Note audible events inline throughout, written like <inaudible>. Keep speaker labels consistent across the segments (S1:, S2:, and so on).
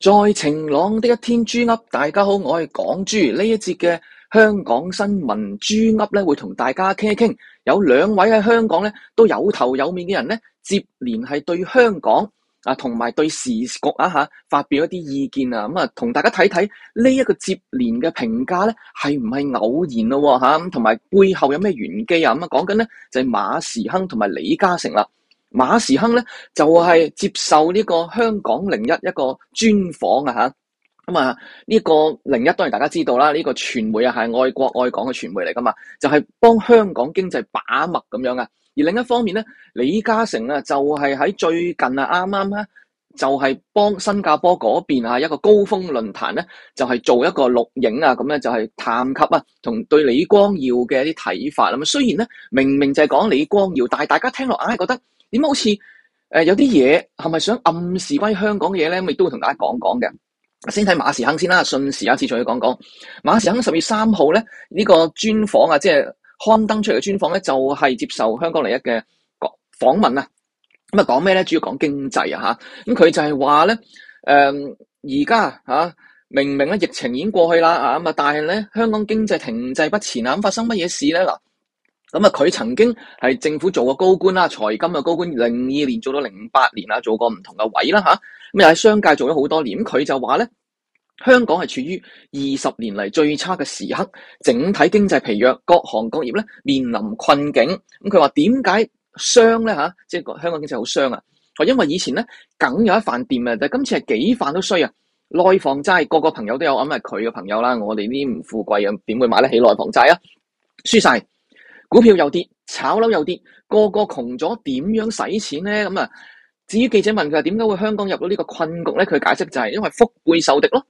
S1: 在晴朗的一天，豬噏，大家好，我係港豬。呢一節嘅香港新聞豬噏咧，會同大家傾一傾，有兩位喺香港咧都有頭有面嘅人咧，接連係對香港啊同埋對時局啊吓發表一啲意見啊，咁啊同大家睇睇呢一個接連嘅評價咧係唔係偶然咯吓，啊，同埋背後有咩玄機啊。咁啊講緊咧就係馬時亨同埋李嘉誠啦。馬時亨咧就係、是、接受呢個香港零一一個專訪啊吓，咁啊呢個零一當然大家知道啦，呢、這個傳媒啊係愛國愛港嘅傳媒嚟噶嘛，就係、是、幫香港經濟把脈咁樣啊。而另一方面咧，李嘉誠啊，就係、是、喺最近啊啱啱咧就係、是、幫新加坡嗰邊啊一個高峰論壇咧就係、是、做一個錄影啊，咁咧就係、是、探及啊同對李光耀嘅一啲睇法啦。啊，雖然咧明明就係講李光耀，但係大家聽落硬係覺得。點解好似誒有啲嘢係咪想暗示關於香港嘅嘢咧？我亦都會同大家講講嘅。先睇馬時亨先啦，順時啊，次序去講講。馬時亨十月三號咧呢個專訪啊，即係刊登出嚟嘅專訪咧，就係接受香港嚟一嘅訪訪問啊。咁啊講咩咧？主要講經濟啊吓。咁佢就係話咧，誒而家啊，明明咧疫情已經過去啦啊咁啊，但係咧香港經濟停滯不前啊，咁發生乜嘢事咧嗱？咁啊，佢曾經係政府做過高官啦，財金嘅高官，零二年做到零八年啦，做過唔同嘅位啦吓。咁、啊、又喺商界做咗好多年。佢就話咧，香港係處於二十年嚟最差嘅時刻，整體經濟疲弱，各行各行業咧面臨困境。咁佢話點解傷咧吓、啊？即係香港經濟好傷啊！啊，因為以前咧梗有一飯店啊，但係今次係幾飯都衰啊！內房債，個個朋友都有，咁係佢嘅朋友啦。我哋呢啲唔富貴啊，點會買得起內房債啊？輸晒。股票又跌，炒樓又跌，個個窮咗，點樣使錢呢？咁、嗯、啊，至於記者問佢點解會香港入到呢個困局呢？佢解釋就係因為腹背受敵咯，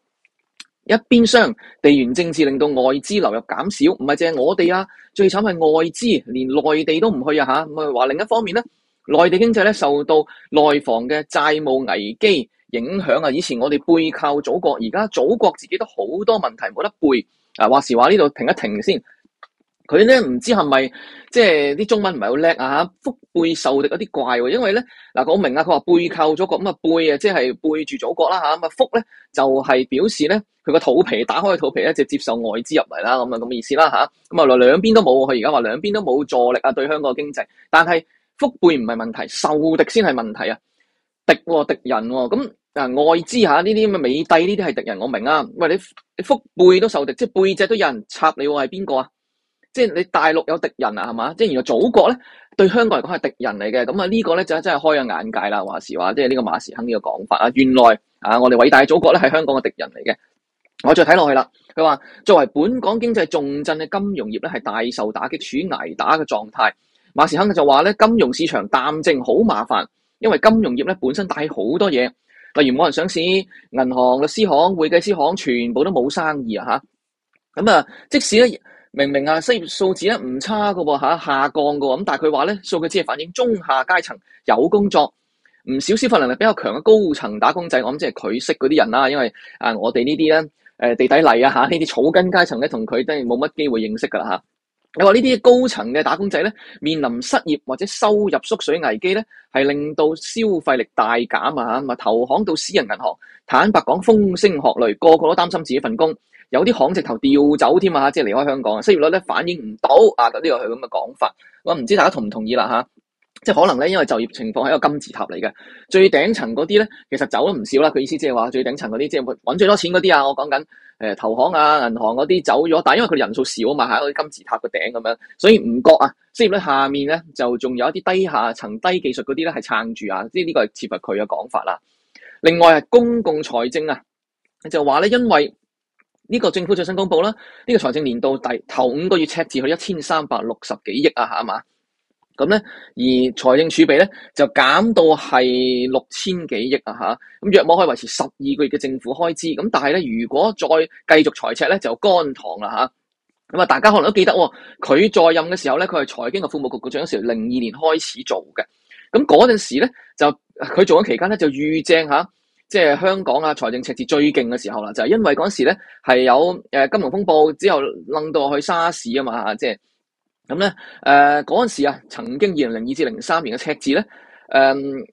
S1: 一邊廂地緣政治令到外資流入減少，唔係淨係我哋啊，最慘係外資連內地都唔去啊吓。咪、嗯、話另一方面呢，內地經濟呢受到內房嘅債務危機影響啊。以前我哋背靠祖國，而家祖國自己都好多問題，冇得背。啊，話時話呢度停一停先。佢咧唔知係咪即係啲中文唔係好叻啊？嚇，腹背受敵嗰啲怪喎，因為咧嗱，我明啊，佢話背靠咗個咁啊背啊，即係背住祖國啦吓，咁啊，腹咧就係、是、表示咧佢個肚皮打開嘅肚皮咧就接受外資入嚟啦，咁啊咁嘅意思啦吓，咁啊，來兩邊都冇佢而家話兩邊都冇助力啊，對香港嘅經濟，但係腹背唔係問題，受敵先係問題，哦哦嗯呃、啊！敵喎敵人喎咁啊，外資嚇呢啲咁啊美帝呢啲係敵人，我明啊，喂你腹背都受敵，即係背脊都有人插你喎，係邊個啊？即係你大陸有敵人啊，係嘛？即係原來祖國咧對香港嚟講係敵人嚟嘅，咁啊呢個咧就真係開咗眼界啦！話時話，即係呢個馬時亨呢個講法啊，原來啊我哋偉大嘅祖國咧係香港嘅敵人嚟嘅。我再睇落去啦，佢話作為本港經濟重鎮嘅金融業咧係大受打擊，處於挨打嘅狀態。馬時亨就話咧，金融市場淡靜好麻煩，因為金融業咧本身帶好多嘢，例如冇人上市、銀行、律師行、會計師行，全部都冇生意啊吓。咁啊，即使咧。明明啊，失業數字咧唔差噶喎，下降噶喎，咁但係佢話咧數據只係反映中下階層有工作，唔少消費能力比較強嘅高層打工仔，我諗即係佢識嗰啲人啦，因為啊我哋呢啲咧誒地底泥啊嚇，呢啲草根階層咧同佢都係冇乜機會認識噶啦嚇。你話呢啲高層嘅打工仔咧，面臨失業或者收入縮水危機咧，係令到消費力大減啊嚇，咪投行到私人銀行，坦白講風聲鶴唳，個個都擔心自己份工。有啲行直頭調走添啊，即係離開香港啊，失業率咧反映唔到啊，咁、這、呢個係咁嘅講法。我唔知大家同唔同意啦吓、啊，即係可能咧，因為就業情況係一個金字塔嚟嘅，最頂層嗰啲咧，其實走咗唔少啦。佢意思即係話最頂層嗰啲，即係搵最多錢嗰啲啊，我講緊誒投行啊、銀行嗰啲走咗，但係因為佢人數少啊嘛，係一個金字塔嘅頂咁樣，所以唔覺啊，失業率下面咧就仲有一啲低下層、低技術嗰啲咧係撐住啊，呢、這、呢個係切合佢嘅講法啦。另外啊，公共財政啊，就話咧因為。呢個政府最新公布啦，呢、這個財政年度第頭五個月赤字去一千三百六十幾億啊，嚇嘛？咁咧，而財政儲備咧就減到係六千幾億啊，嚇，咁約莫可以維持十二個月嘅政府開支。咁但係咧， <music> ough, 如果再繼續財赤咧，就乾塘啦嚇。咁啊，nah, 大家可能都記得佢、哦、在任嘅時候咧，佢係財經嘅服務局局長嗰時，零二年開始做嘅。咁嗰陣時咧，就佢做緊期間咧就預正嚇。啊即係香港啊！財政赤字最勁嘅時候啦，就係、是、因為嗰陣時咧係有誒、呃、金融風暴之後，掹到去沙士啊嘛，即係咁咧。誒嗰陣時啊，曾經二零零二至零三年嘅赤字咧，誒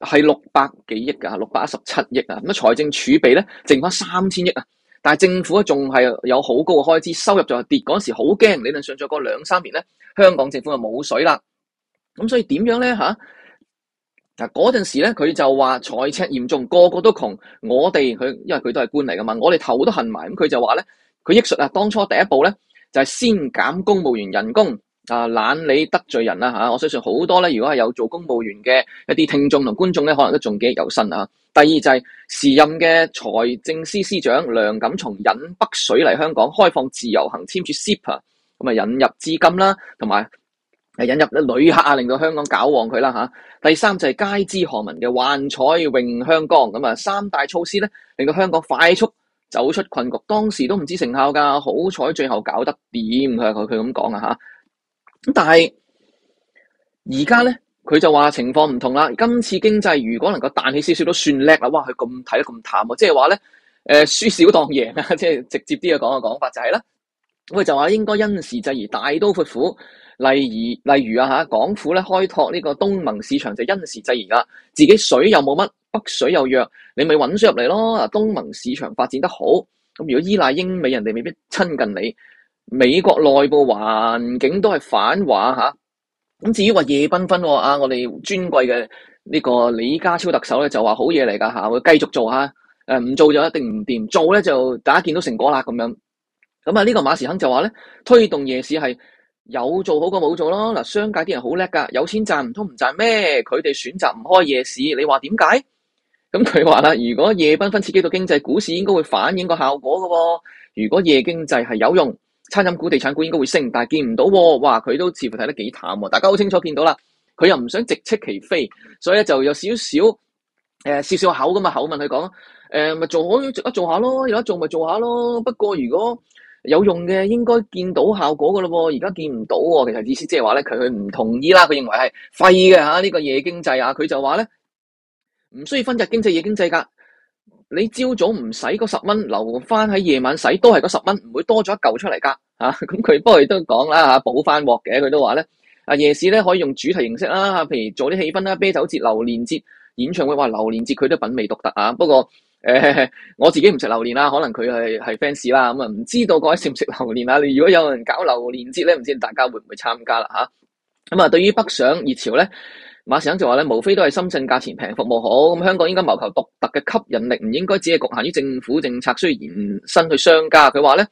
S1: 係六百幾億㗎，六百一十七億啊。咁啊、嗯，財政儲備咧剩翻三千億啊，但係政府咧仲係有好高嘅開支，收入就跌。嗰陣時好驚，理論上再過兩三年咧，香港政府就冇水啦。咁所以點樣咧吓。啊嗱嗰陣時呢，佢就話財赤嚴重，個個都窮。我哋佢因為佢都係官嚟嘅嘛，我哋頭都痕埋。咁佢就話呢，佢憶述啊，當初第一步呢，就係、是、先減公務員人工啊，懶理得罪人啦吓、啊。我相信好多呢，如果係有做公務員嘅一啲聽眾同觀眾呢，可能都仲記憶猶新啊。第二就係、是、時任嘅財政司司長梁錦松引北水嚟香港開放自由行，簽署 CEPA 咁啊，就引入資金啦，同、啊、埋。引入旅客啊，令到香港搞旺佢啦吓。第三就係、是、街知巷聞嘅幻彩詠香江，咁啊，三大措施咧，令到香港快速走出困局。當時都唔知成效㗎，好彩最後搞得掂。佢佢佢咁講啊吓。咁但係而家咧，佢就話情況唔同啦。今次經濟如果能夠彈起少少都算叻啦。哇，佢咁睇得咁淡啊，即係話咧，誒、呃、輸少當贏啊，即係直接啲嘅講嘅講法就係、是、啦。佢就話應該因時制宜大，大刀闊斧。例如，例如啊，吓港府咧開拓呢個東盟市場就因時制宜啦。自己水又冇乜，北水又弱，你咪搵水入嚟咯。啊，東盟市場發展得好，咁如果依賴英美人哋未必親近你。美國內部環境都係反華吓。咁、啊、至於話夜繽紛，啊，我哋尊貴嘅呢個李家超特首咧就話好嘢嚟㗎吓，會繼續做吓。誒、啊，唔做就一定唔掂，做咧就大家見到成果啦咁樣。咁啊，呢、這個馬時亨就話咧，推動夜市係。有做好過冇做咯。嗱，商界啲人好叻噶，有錢賺唔通唔賺咩？佢哋選擇唔開夜市，你話點解？咁佢話啦，如果夜繽紛刺激到經濟，股市應該會反映個效果噶。如果夜經濟係有用，餐飲股、地產股應該會升，但係見唔到喎。哇，佢都似乎睇得幾淡。大家好清楚見到啦，佢又唔想直斥其非，所以咧就有少少誒、呃，少少口咁啊口問佢講，誒咪、呃、做好，有得做下咯，而家做咪做下咯。不過如果有用嘅，應該見到效果嘅咯喎，而家見唔到喎、哦。其實意思即係話咧，佢佢唔同意啦，佢認為係廢嘅嚇，呢、啊這個夜經濟啊，佢就話咧唔需要分日經濟夜經濟㗎。你朝早唔使嗰十蚊，留翻喺夜晚使，都係嗰十蚊，唔會多咗一嚿出嚟㗎嚇。咁、啊、佢、嗯、不過亦都講啦嚇，補翻鑊嘅，佢都話咧啊夜市咧可以用主題形式啦、啊，譬如做啲氣氛啦，啤酒節、榴蓮節、演唱會，話榴蓮節佢都品味獨特啊，不、啊、過。欸、我自己唔食榴蓮啦，可能佢係係 fans 啦，咁啊唔、嗯、知道各位食唔食榴蓮啊？你如果有人搞榴蓮節咧，唔知大家會唔會參加啦吓，咁啊，嗯、對於北上熱潮咧，馬時亨就話咧，無非都係深圳價錢平、服務好。咁、嗯、香港應該謀求獨特嘅吸引力，唔應該只係局限於政府政策，需要延伸去商家。佢話咧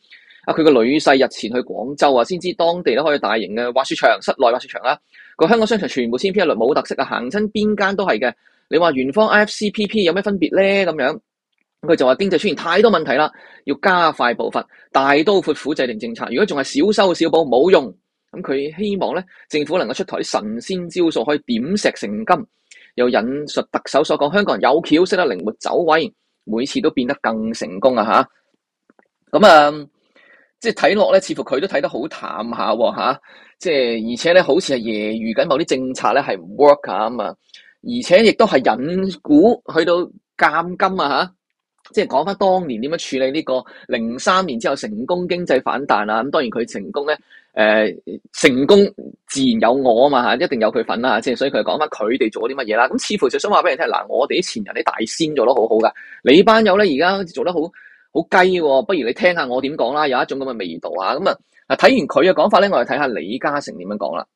S1: 啊，佢個女婿日前去廣州啊，先知當地都可以大型嘅滑雪場、室內滑雪場啦。個香港商場全部千篇一律，冇特色啊，行親邊間都係嘅。你話圓方、I F C P P 有咩分別咧？咁樣。佢就話經濟出現太多問題啦，要加快步伐，大刀闊斧制定政策。如果仲係小修小補，冇用。咁佢希望咧，政府能夠出台啲神仙招數，可以點石成金。又引述特首所講，香港人有橋，識得靈活走位，每次都變得更成功啊！吓、啊，咁、嗯、啊，啊，即係睇落咧，似乎佢都睇得好淡下喎嚇。即係而且咧，好似係揶揄緊某啲政策咧係唔 work 啊嘛。而且亦都係引古去到鑑今啊吓。啊。即係講翻當年點樣處理呢個零三年之後成功經濟反彈啊！咁當然佢成功咧，誒、呃，成功自然有我啊嘛吓，一定有佢份、啊、啦！即係所以佢係講翻佢哋做咗啲乜嘢啦。咁似乎就想話俾你聽，嗱，我哋啲前人啲大仙做得好好噶，你班友咧而家做得好好雞、哦，不如你聽下我點講啦，有一種咁嘅味道啊！咁啊，睇完佢嘅講法咧，我哋睇下李嘉誠點樣講啦。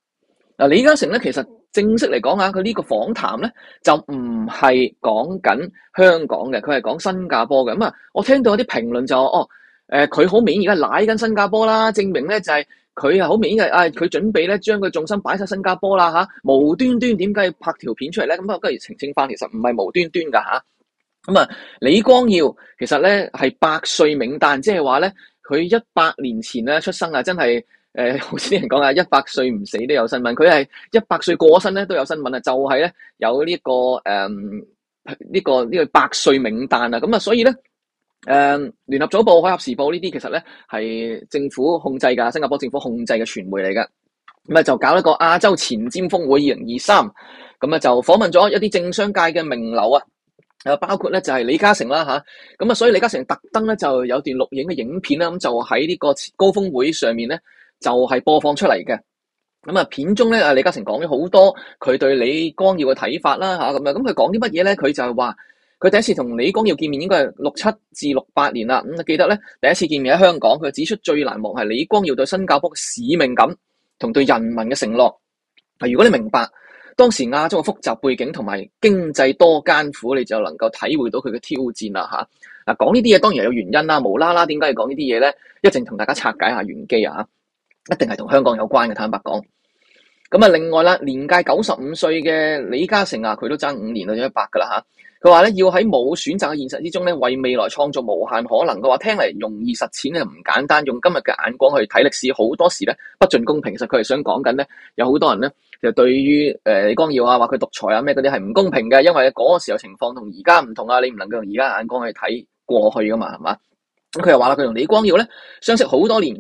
S1: 嗱，李嘉誠咧，其實正式嚟講啊，佢、這個、呢個訪談咧就唔係講緊香港嘅，佢係講新加坡嘅。咁、嗯、啊，我聽到有啲評論就話，哦，誒、呃，佢好明顯而家賴緊新加坡啦，證明咧就係佢啊好明顯嘅，啊、哎，佢準備咧將佢重心擺晒新加坡啦嚇、啊，無端端點解要拍條片出嚟咧？咁、嗯、啊，不如澄清翻，其實唔係無端端噶嚇。咁啊、嗯，李光耀其實咧係百歲名旦，即係話咧佢一百年前咧出生啊，真係。誒、呃、好少似人講啊！一百歲唔死都有新聞，佢係一百歲過身咧都有新聞啊！就係、是、咧有呢、這個誒呢、呃這個呢、這個百歲名單啊！咁啊，所以咧誒、呃、聯合早報、《海合時報峽》呢啲其實咧係政府控制㗎，新加坡政府控制嘅傳媒嚟㗎。咁、嗯、啊就搞一個亞洲前瞻峰會二零二三，咁啊就訪問咗一啲政商界嘅名流啊，誒包括咧就係、是、李嘉誠啦吓，咁啊、嗯，所以李嘉誠特登咧就有段錄影嘅影片啦，咁、嗯、就喺呢個高峰會上面咧。就係播放出嚟嘅，咁啊片中咧，啊李嘉誠講咗好多佢對李光耀嘅睇法啦，吓咁啊，咁佢講啲乜嘢咧？佢就係話佢第一次同李光耀見面應該係六七至六八年啦，咁、啊、記得咧第一次見面喺香港，佢指出最難忘係李光耀對新加坡使命感同對人民嘅承諾。嗱、啊，如果你明白當時亞洲嘅複雜背景同埋經濟多艱苦，你就能夠體會到佢嘅挑戰啦，吓、啊、嗱。講呢啲嘢當然有原因啦，無啦啦點解要講呢啲嘢咧？一陣同大家拆解下玄機啊！一定係同香港有關嘅，坦白講。咁啊，另外啦，年屆九十五歲嘅李嘉誠啊，佢都爭五年到一百噶啦嚇。佢話咧，要喺冇選擇嘅現實之中咧，為未來創造無限可能嘅話，聽嚟容易，實踐咧唔簡單。用今日嘅眼光去睇歷史，好多時咧不盡公平。其實佢係想講緊咧，有好多人咧，就對於誒李光耀啊，話佢獨裁啊咩嗰啲係唔公平嘅，因為嗰個時候情況同而家唔同啊，你唔能夠用而家眼光去睇過去噶嘛，係嘛？咁佢又話啦，佢同李光耀咧相識好多年。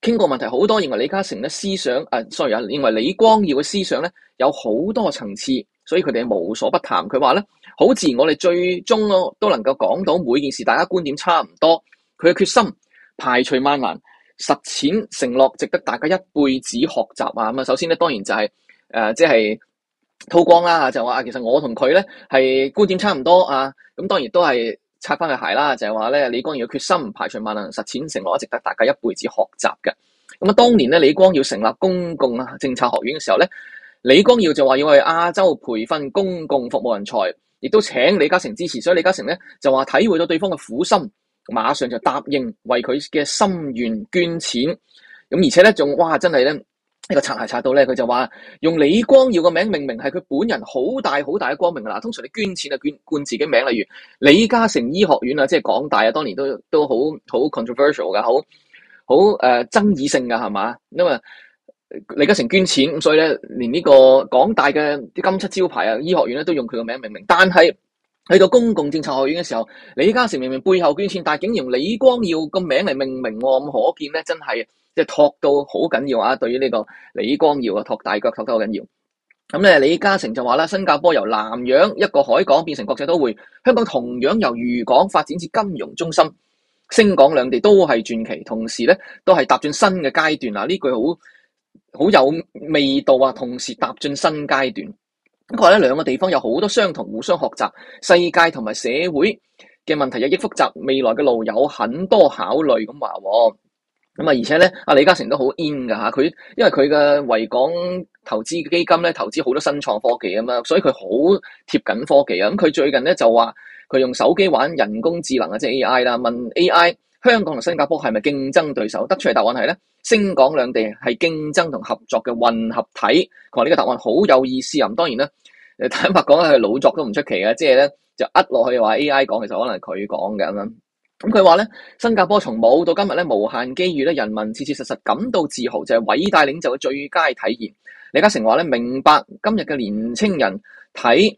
S1: 傾過問題好多，認為李嘉誠的思想，誒，sorry 啊，sorry，認為李光耀嘅思想咧有好多層次，所以佢哋無所不談。佢話呢，好似我哋最終都都能夠講到每件事，大家觀點差唔多。佢嘅決心排除萬難，實踐承諾，值得大家一輩子學習啊！咁啊，首先呢，當然就係、是、誒，即係透光啦，就話、是、啊，其實我同佢呢，係觀點差唔多啊，咁當然都係。擦翻個鞋啦，就係話咧李光耀嘅決心排除萬難實踐成，實踐承諾，都值得大家一輩子學習嘅。咁啊，當年咧李光耀成立公共政策學院嘅時候咧，李光耀就話要去亞洲培訓公共服務人才，亦都請李嘉誠支持，所以李嘉誠咧就話體會到對方嘅苦心，馬上就答應為佢嘅心願捐錢。咁而且咧仲哇真係咧～個判判呢個擦鞋擦到咧，佢就話用李光耀個名命名係佢本人好大好大嘅光明啊！嗱，通常你捐錢啊捐冠，自己名，例如李嘉誠醫學院啊，即係港大啊，當年都都好好 controversial 噶好好誒爭議性噶係嘛，因為李嘉誠捐錢，所以咧連呢個港大嘅啲金漆招牌啊醫學院咧都用佢個名命名，但係，去到公共政策學院嘅時候，李嘉誠明明背後捐錢，但係竟然李光耀個名嚟命名，啊，咁可見咧，真係即係托到好緊要啊！對於呢個李光耀啊，託大腳托得好緊要。咁、嗯、咧，李嘉誠就話啦：新加坡由南洋一個海港變成國際都會，香港同樣由漁港發展至金融中心，星港兩地都係傳奇，同時咧都係踏進新嘅階段啊！呢句好好有味道啊！同時踏進新階段。咁佢話咧兩個地方有好多相同，互相學習。世界同埋社會嘅問題日益複雜，未來嘅路有很多考慮。咁話喎，咁啊而且咧，阿李嘉誠都好 in 㗎嚇，佢因為佢嘅維港投資基金咧投資好多新創科技啊嘛，所以佢好貼緊科技啊。咁佢最近咧就話佢用手機玩人工智能啊，即係 AI 啦，問 AI。香港同新加坡係咪競爭對手？得出嘅答案係咧，星港兩地係競爭同合作嘅混合體。佢話呢個答案好有意思啊。咁當然咧，坦白講咧，佢老作都唔出奇啊。即係咧，就噏落去話 AI 講，其實可能係佢講嘅咁樣。咁佢話咧，新加坡從冇到今日咧，無限機遇咧，人民切切實實感到自豪，就係偉大領袖嘅最佳體現。李嘉誠話咧，明白今日嘅年青人睇，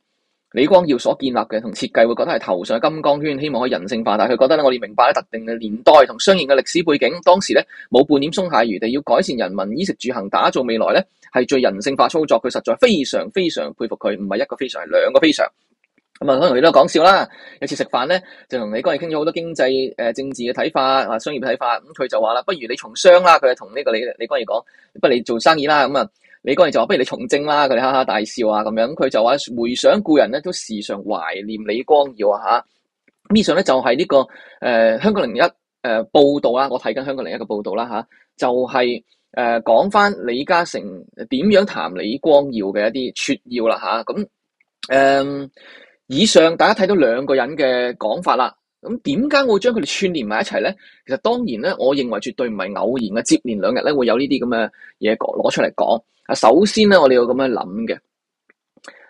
S1: 李光耀所建立嘅同設計，設計，會覺得係頭上金光圈，希望可以人性化。但係佢覺得咧，我哋明白咧，特定嘅年代同相應嘅歷史背景，當時咧冇半點鬆懈餘地，要改善人民衣食住行，打造未來咧係最人性化操作。佢實在非常非常佩服佢，唔係一個非常，係兩個非常。咁、嗯、啊，可能你都講笑啦。有次食飯咧，就同李光耀傾咗好多經濟誒、呃、政治嘅睇法啊，商業嘅睇法。咁、嗯、佢就話啦，不如你從商啦。佢就同呢個李李光耀講，不如你做生意啦。咁、嗯、啊。李光耀就話：不如你從政啦！佢哋哈哈大笑啊，咁樣佢就話，回想故人咧，都時常懷念李光耀啊！吓、這個，以上咧就係呢個誒香港零一誒報道啦。我睇緊香港零一嘅報道啦吓、啊，就係誒講翻李嘉誠點樣談李光耀嘅一啲撮要啦吓。咁、啊、誒、啊，以上大家睇到兩個人嘅講法啦。咁點解我會將佢哋串聯埋一齊咧？其實當然咧，我認為絕對唔係偶然嘅，接連兩日咧會有呢啲咁嘅嘢講攞出嚟講。啊，首先咧，我哋要咁樣諗嘅。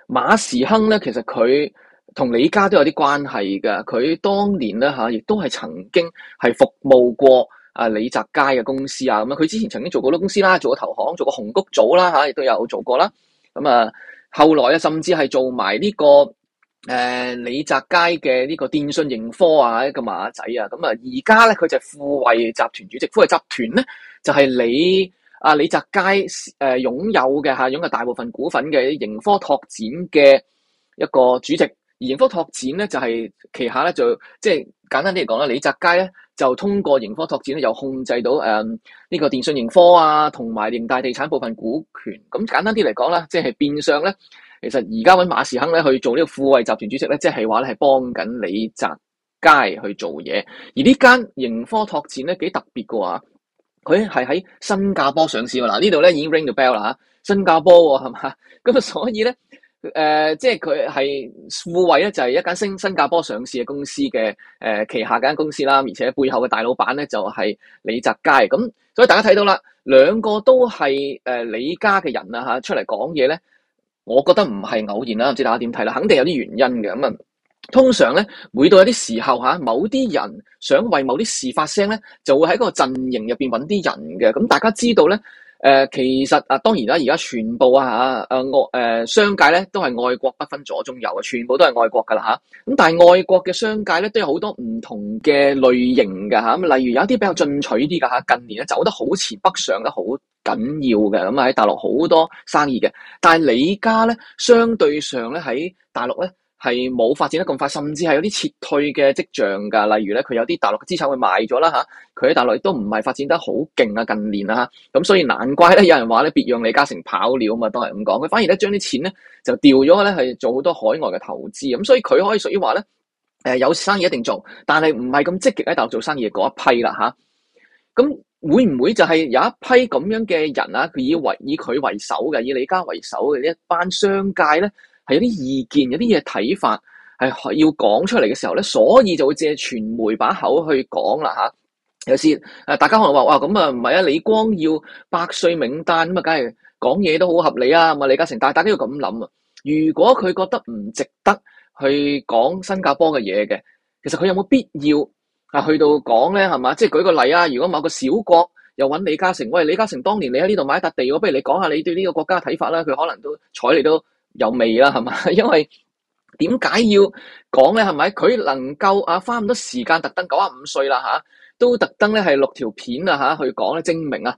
S1: 馬時亨咧，其實佢同李家都有啲關係嘅。佢當年咧嚇，亦、啊、都係曾經係服務過啊李澤楷嘅公司啊咁樣。佢之前曾經做過啲公司啦、啊，做過投行，做過紅谷組啦嚇，亦、啊、都有做過啦。咁啊，後來啊，甚至係做埋呢、這個誒、啊、李澤楷嘅呢個電訊盈科啊一個馬仔啊。咁啊，而家咧佢就係富衛集團主席。富衛集團咧就係、是、李阿李澤楷誒擁有嘅嚇，擁有，擁有大部分股份嘅盈科拓展嘅一個主席，而盈科拓展咧就係、是、旗下咧就即係簡單啲嚟講啦，李澤楷咧就通過盈科拓展咧又控制到誒呢、呃這個電信盈科啊，同埋盈大地產部分股權。咁簡單啲嚟講啦，即係變相咧，其實而家揾馬時亨咧去做呢個富衛集團主席咧，即係話咧係幫緊李澤楷去做嘢。而呢間盈科拓展咧幾特別嘅話。佢係喺新加坡上市喎，嗱呢度咧已經 ring 到 bell 啦嚇，新加坡喎係嘛？咁啊所以咧，誒、呃、即係佢係富衛咧，就係、是、一間新新加坡上市嘅公司嘅誒、呃、旗下間公司啦、啊，而且背後嘅大老闆咧就係、是、李澤楷。咁、啊、所以大家睇到啦，兩個都係誒、呃、李家嘅人啊吓，出嚟講嘢咧，我覺得唔係偶然啦，唔知大家點睇啦，肯定有啲原因嘅咁啊。通常咧，每到一啲時候吓、啊，某啲人想為某啲事發聲咧，就會喺嗰個陣營入邊揾啲人嘅。咁、嗯、大家知道咧，誒、呃，其實啊，當然啦，而家全部啊吓，誒外誒商界咧都係愛國不分左中右，全部都係愛國噶啦吓。咁、啊、但係愛國嘅商界咧，都有好多唔同嘅類型噶吓。咁、啊、例如有一啲比較進取啲噶吓，近年咧走得好前，北上得好緊要嘅，咁啊喺大陸好多生意嘅。但係李家咧，相對上咧喺大陸咧，係冇發展得咁快，甚至係有啲撤退嘅跡象㗎。例如咧，佢有啲大陸嘅資產會賣咗啦嚇。佢、啊、喺大陸亦都唔係發展得好勁啊，近年啊嚇。咁所以難怪咧，有人話咧，別讓李嘉誠跑了嘛，都係咁講。佢反而咧將啲錢咧就掉咗咧，係做好多海外嘅投資。咁、啊、所以佢可以屬於話咧，誒、呃、有生意一定做，但係唔係咁積極喺大陸做生意嗰一批啦嚇。咁、啊、會唔會就係有一批咁樣嘅人啊？佢以為以佢為首嘅，以李家為首嘅一班商界咧？係有啲意見，有啲嘢睇法，係要講出嚟嘅時候咧，所以就會借傳媒把口去講啦吓，有時誒，大家可能話哇，咁啊唔係啊，李光耀百歲名單咁啊，梗係講嘢都好合理啊。咁啊，李嘉誠，大大家要咁諗啊。如果佢覺得唔值得去講新加坡嘅嘢嘅，其實佢有冇必要啊去到講咧？係嘛？即係舉個例啊，如果某個小國又揾李嘉誠，喂，李嘉誠，當年你喺呢度買一笪地，我不如你講下你對呢個國家嘅睇法啦。佢可能都睬你都。有味啦，係嘛？因為點解要講咧？係咪佢能夠啊花咁多時間特登九十五歲啦吓、啊，都特登咧係錄條片啊吓去講咧，證明啊，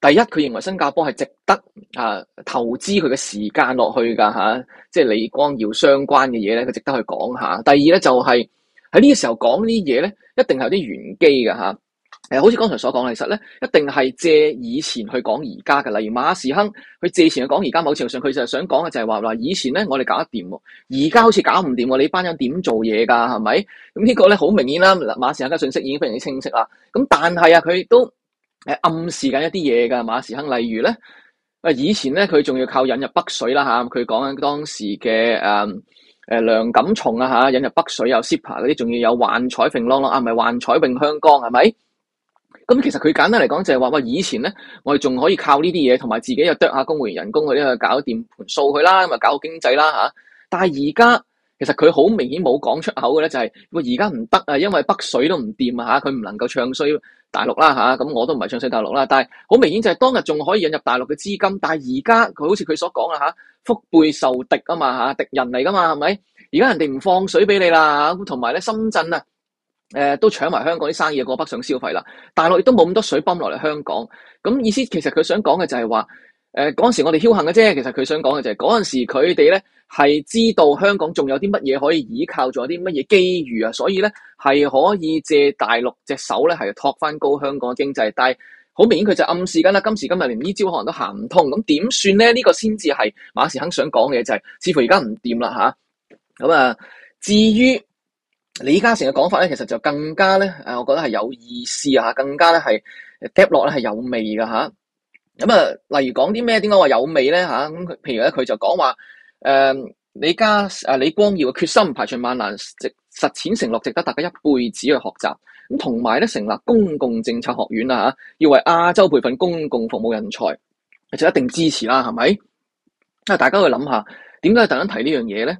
S1: 第一佢認為新加坡係值得啊投資佢嘅時間落去㗎吓、啊，即係李光耀相關嘅嘢咧，佢值得去講下。第二咧就係喺呢個時候講呢啲嘢咧，一定係有啲玄機㗎吓。啊誒、呃，好似剛才所講，其實咧一定係借以前去講而家嘅。例如馬時亨，佢借前去講而家，某程度上佢就係想講嘅就係話，嗱，以前咧我哋搞得掂，而家好似搞唔掂喎。你班人點做嘢噶，係咪？咁、嗯這個、呢個咧好明顯啦。馬時亨嘅信息已經非常之清晰啦。咁但係啊，佢都誒暗示緊一啲嘢噶。馬時亨例如咧，誒以前咧佢仲要靠引入北水啦吓，佢講緊當時嘅誒誒梁錦松啊吓，引入北水有 CEPA 嗰啲，仲要有幻彩 p 啷啷，n l 啊，唔係幻彩映香江係咪？咁其實佢簡單嚟講就係話喂，以前咧我哋仲可以靠呢啲嘢，同埋自己又剁下公務員人工去咧去搞掂盤數佢啦，咁啊搞經濟啦嚇。但係而家其實佢好明顯冇講出口嘅咧、就是，就係喂而家唔得啊，因為北水都唔掂啊嚇，佢唔能夠唱衰大陸啦嚇。咁、啊、我都唔係唱衰大陸啦、啊，但係好明顯就係當日仲可以引入大陸嘅資金，但係而家佢好似佢所講啊嚇，腹背受敵啊嘛嚇，敵人嚟噶嘛係咪？而家人哋唔放水俾你啦咁，同埋咧深圳啊。誒、呃、都搶埋香港啲生意過北上消費啦，大陸亦都冇咁多水泵落嚟香港。咁意思其實佢想講嘅就係話，誒嗰陣時我哋僥幸嘅啫。其實佢想講嘅就係嗰陣時佢哋咧係知道香港仲有啲乜嘢可以依靠，仲有啲乜嘢機遇啊，所以咧係可以借大陸隻手咧係托翻高香港經濟。但係好明顯佢就暗示緊啦，今時今日連呢招可能都行唔通，咁點算咧？呢、這個先至係馬時亨想講嘅就係、是，似乎而家唔掂啦吓咁啊，至於。李嘉誠嘅講法咧，其實就更加咧，誒，我覺得係有意思啊，更加咧係跌落咧係有味噶吓。咁啊，例如講啲咩？點解話有味咧吓？咁、啊、佢，譬如咧，佢就講話，誒，李嘉誒、啊、李光耀嘅決心排除萬難，值實，實踐承諾值得大家一輩子去學習。咁同埋咧，成立公共政策學院啊吓，要為亞洲培訓公共服務人才，就一定支持啦，係咪？啊，大家去諗下，點解要突然提呢樣嘢咧？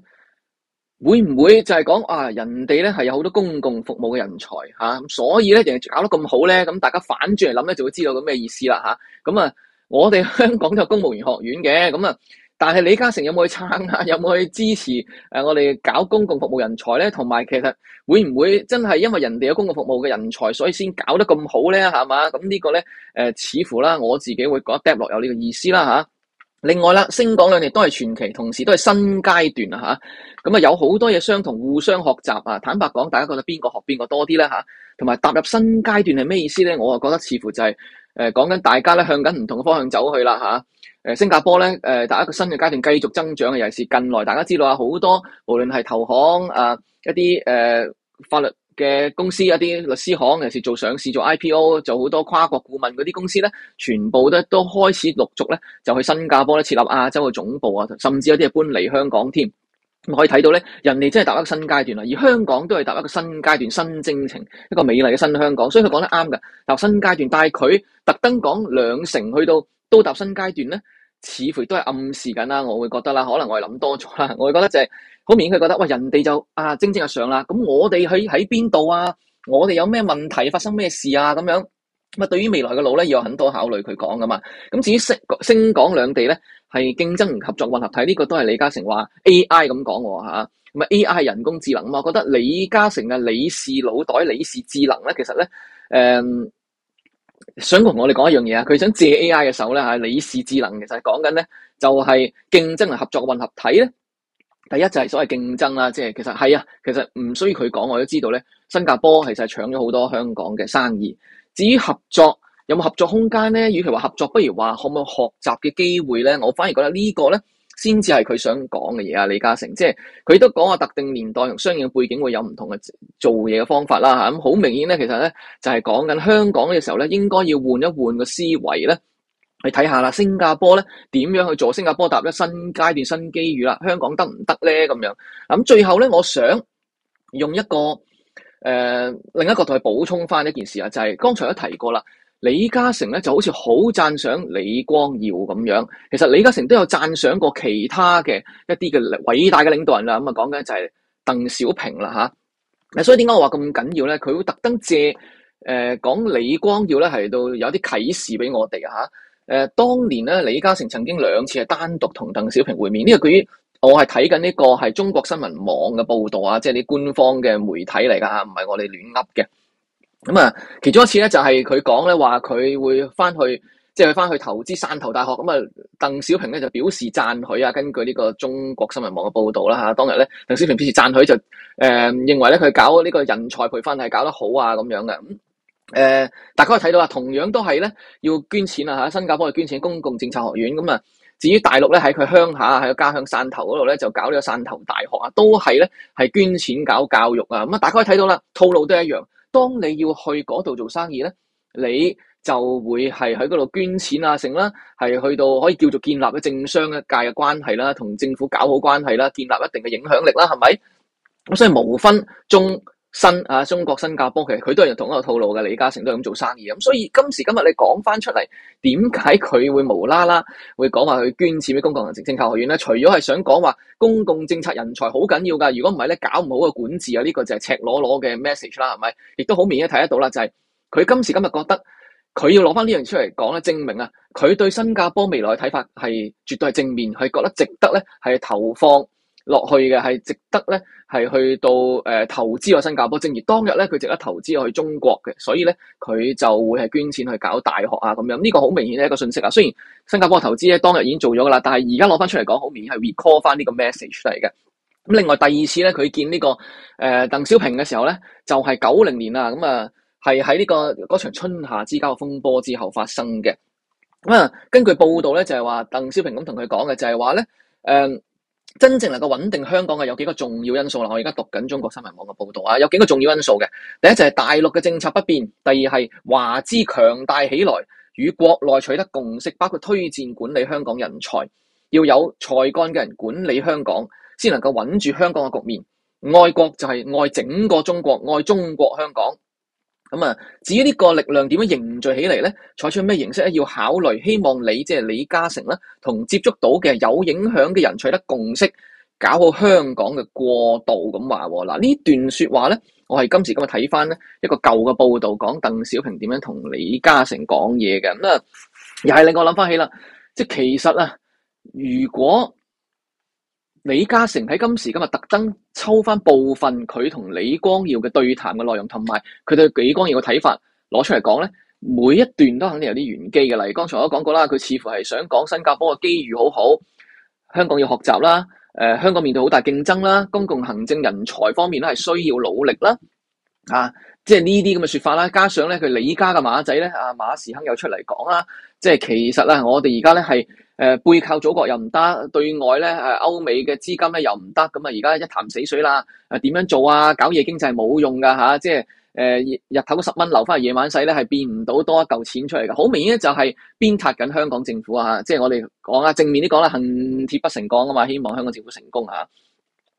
S1: 會唔會就係講啊？人哋咧係有好多公共服務嘅人才嚇、啊，所以咧成日搞得咁好咧，咁大家反轉嚟諗咧就會知道個咩意思啦嚇。咁啊，啊，我哋香港就公務員學院嘅，咁啊，但係李嘉誠有冇去撐啊？有冇去支持誒、啊、我哋搞公共服務人才咧？同埋其實會唔會真係因為人哋有公共服務嘅人才，所以先搞得咁好咧？係、啊、嘛？咁、啊啊這個、呢個咧誒，似乎啦，我自己會覺得跌落有呢個意思啦嚇。啊另外啦，星港兩年都係傳奇，同時都係新階段啊！吓、嗯，咁啊有好多嘢相同，互相學習啊！坦白講，大家覺得邊個學邊個多啲咧？吓、啊，同埋踏入新階段係咩意思咧？我啊覺得似乎就係誒講緊大家咧向緊唔同嘅方向走去啦！吓、啊，誒、啊、新加坡咧誒，第一個新嘅階段繼續增長嘅，尤其是近來大家知道啊，好多無論係投行啊一啲誒、呃、法律。嘅公司一啲律師行，尤其係做上市、做 IPO，做好多跨國顧問嗰啲公司咧，全部咧都，都開始陸續咧就去新加坡咧設立亞洲嘅總部啊，甚至有啲係搬離香港添。咁可以睇到咧，人哋真係踏入一個新階段啦，而香港都係踏入一個新階段、新征程，一個美麗嘅新香港。所以佢講得啱㗎，踏入新階段，但係佢特登講兩成去到都踏入新階段咧。似乎都係暗示緊啦，我會覺得啦，可能我係諗多咗啦，我會覺得就係好明顯，佢覺得喂，人哋就啊蒸蒸日上啦，咁我哋喺喺邊度啊？我哋有咩問題，發生咩事啊？咁樣咪對於未來嘅路咧，要有很多考慮佢講噶嘛。咁至於星港兩地咧，係競爭合作混合體，呢個都係李嘉誠話 A I 咁講喎嚇。咪 A I 人工智能啊？我覺得李嘉誠嘅李氏腦袋、李氏智能咧，其實咧誒。嗯想同我哋講一樣嘢啊！佢想借 AI 嘅手咧，吓，李氏智能其實講緊咧，就係競爭同合作嘅混合體咧。第一就係所謂競爭啦，即係其實係啊，其實唔需要佢講，我都知道咧。新加坡其實搶咗好多香港嘅生意。至於合作有冇合作空間咧？與其話合作，不如話可唔可以學習嘅機會咧？我反而覺得個呢個咧。先至係佢想講嘅嘢啊，李嘉誠，即係佢都講話特定年代、同相應背景會有唔同嘅做嘢嘅方法啦嚇，咁、啊、好、嗯、明顯咧，其實咧就係講緊香港嘅時候咧，應該要換一換個思維咧，去睇下啦，新加坡咧點樣去做？新加坡踏入新階段、新機遇啦，香港得唔得咧咁樣？咁、嗯、最後咧，我想用一個誒、呃、另一個同佢補充翻一件事啊，就係、是、剛才都提過啦。李嘉誠咧就好似好讚賞李光耀咁樣，其實李嘉誠都有讚賞過其他嘅一啲嘅偉大嘅領導人啦。咁啊，講緊就係鄧小平啦，吓。嗱，所以點解我話咁緊要咧？佢會特登借誒講、呃、李光耀咧，係到有啲啟示俾我哋啊。誒，當年咧，李嘉誠曾經兩次係單獨同鄧小平會面。呢、這個關我係睇緊呢個係中國新聞網嘅報道啊，即係啲官方嘅媒體嚟噶，啊、唔係我哋亂噏嘅。咁啊，其中一次咧就係佢講咧話佢會翻去，即係佢翻去投資汕頭大學。咁啊，鄧小平咧就表示贊許啊。根據呢個中國新聞網嘅報道啦，吓，當日咧鄧小平表示贊許，就、呃、誒認為咧佢搞呢個人才培訓係搞得好啊咁樣嘅。誒、呃，大家睇到啊，同樣都係咧要捐錢啊吓，新加坡去捐錢公共政策學院。咁啊，至於大陸咧喺佢鄉下喺個家鄉汕頭嗰度咧就搞呢個汕頭大學啊，都係咧係捐錢搞教育啊。咁啊，大家可以睇到啦，套路都一樣。當你要去嗰度做生意咧，你就會係喺嗰度捐錢啊，成啦，係去到可以叫做建立咗政商界嘅關係啦，同政府搞好關係啦，建立一定嘅影響力啦，係咪？咁所以無分中。新啊，中國新加坡其實佢都係同一個套路嘅，李嘉誠都係咁做生意啊，咁所以今時今日你講翻出嚟，點解佢會無啦啦會講話去捐錢俾公共行政政策學院咧？除咗係想講話公共政策人才好緊要噶，如果唔係咧搞唔好個管治啊，呢、呢個就係赤裸裸嘅 message 啦，係咪？亦都好明顯睇得到啦，就係、係、佢今時今日覺得佢要攞翻呢樣出嚟講咧，證明啊，佢對新加坡未來嘅睇法係絕對係正面，係覺得值得咧，係投放，落去嘅係值得咧，係去到誒、呃、投資喺新加坡正。正如當日咧，佢值得投資去中國嘅，所以咧佢就會係捐錢去搞大學啊咁樣。呢、這個好明顯一個信息啊。雖然新加坡投資咧當日已經做咗噶啦，但係而家攞翻出嚟講，好明顯係 recall 翻呢個 message 嚟嘅。咁另外第二次咧，佢見呢、這個誒鄧、呃、小平嘅時候咧，就係九零年啊，咁啊係喺呢個嗰場春夏之交嘅風波之後發生嘅。咁啊，根據報道咧，就係話鄧小平咁同佢講嘅，就係話咧誒。真正能夠穩定香港嘅有幾個重要因素啦，我而家讀緊中國新聞網嘅報道啊，有幾個重要因素嘅，第一就係大陸嘅政策不變，第二係華資強大起來，與國內取得共識，包括推薦管理香港人才，要有才幹嘅人管理香港，先能夠穩住香港嘅局面。愛國就係愛整個中國，愛中國香港。咁啊，至於呢個力量點樣凝聚起嚟咧，採取咩形式咧，要考慮。希望你，即係李嘉誠啦，同接觸到嘅有影響嘅人取得共識，搞好香港嘅過渡。咁話嗱呢段說話咧，我係今時今日睇翻咧一個舊嘅報道，講鄧小平點樣同李嘉誠講嘢嘅。咁啊，又係令我諗翻起啦，即係其實啊，如果。李嘉誠喺今時今日特登抽翻部分佢同李光耀嘅對談嘅內容，同埋佢對李光耀嘅睇法攞出嚟講咧，每一段都肯定有啲玄機嘅。例如剛才我都講過啦，佢似乎係想講新加坡嘅機遇好好，香港要學習啦，誒、呃，香港面對好大競爭啦，公共行政人才方面咧係需要努力啦，啊，即係呢啲咁嘅說法啦。加上咧，佢李家嘅馬仔咧，啊，馬時亨又出嚟講啦，即係其實咧，我哋而家咧係。誒、呃，背靠祖國又唔得，對外咧誒，歐、呃、美嘅資金咧又唔得，咁啊而家一潭死水啦，誒、呃、點樣做啊？搞夜經濟係冇用噶吓、啊，即係誒、呃、日頭十蚊留翻嚟夜晚使咧係變唔到多一嚿錢出嚟噶，好明顯就係鞭撻緊香港政府啊，吓，即係我哋講啊正面啲講啦，恨鐵不成鋼啊嘛，希望香港政府成功啊，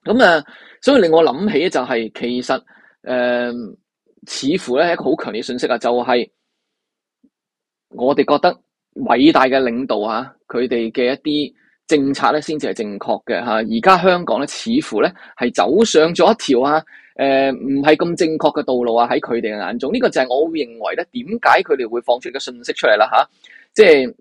S1: 咁、嗯、啊，所以令我諗起就係、是、其實誒、呃，似乎咧係一個好強烈嘅信息啊，就係、是、我哋覺得。偉大嘅領導啊，佢哋嘅一啲政策咧，先至係正確嘅嚇。啊、而家香港咧，似乎咧係走上咗一條啊，誒、呃，唔係咁正確嘅道路啊。喺佢哋嘅眼中，呢個就係我認為咧，點解佢哋會放出嘅信息出嚟啦、啊？嚇、啊，即係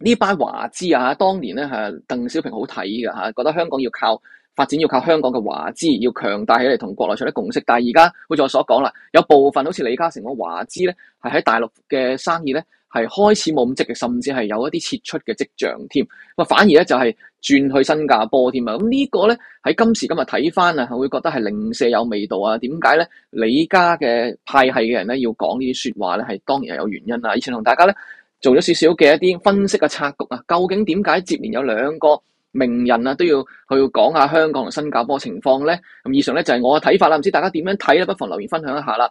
S1: 呢班華資啊，當年咧係、啊、鄧小平好睇嘅嚇，覺得香港要靠發展，要靠香港嘅華資，要強大起嚟同國內取得共識。但係而家好似我所講啦，有部分好似李嘉誠嘅華資咧，係喺大陸嘅生意咧。係開始冇咁積極，甚至係有一啲撤出嘅跡象添。哇，反而咧就係轉去新加坡添啊！咁呢個咧喺今時今日睇翻啊，會覺得係零舍有味道啊！點解咧？李家嘅派系嘅人咧要講呢啲説話咧？係當然係有原因啦。以前同大家咧做咗少少嘅一啲分析嘅策局啊，究竟點解接連有兩個名人啊都要去講下香港同新加坡情況咧？咁以上咧就係、是、我嘅睇法啦。唔知大家點樣睇咧？不妨留言分享一下啦。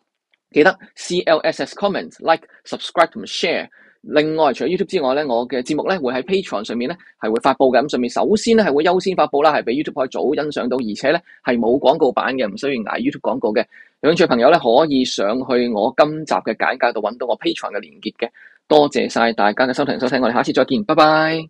S1: 記得 CLSS comment like subscribe and share。另外，除咗 YouTube 之外咧，我嘅節目咧會喺 Patreon 上面咧係會發佈嘅。咁上面首先咧係會優先發佈啦，係俾 YouTube 可以早欣賞到，而且咧係冇廣告版嘅，唔需要挨 YouTube 廣告嘅。有興趣朋友呢，可以上去我今集嘅簡介度揾到我 Patreon 嘅連結嘅。多謝晒大家嘅收聽收聽，我哋下次再見，拜拜。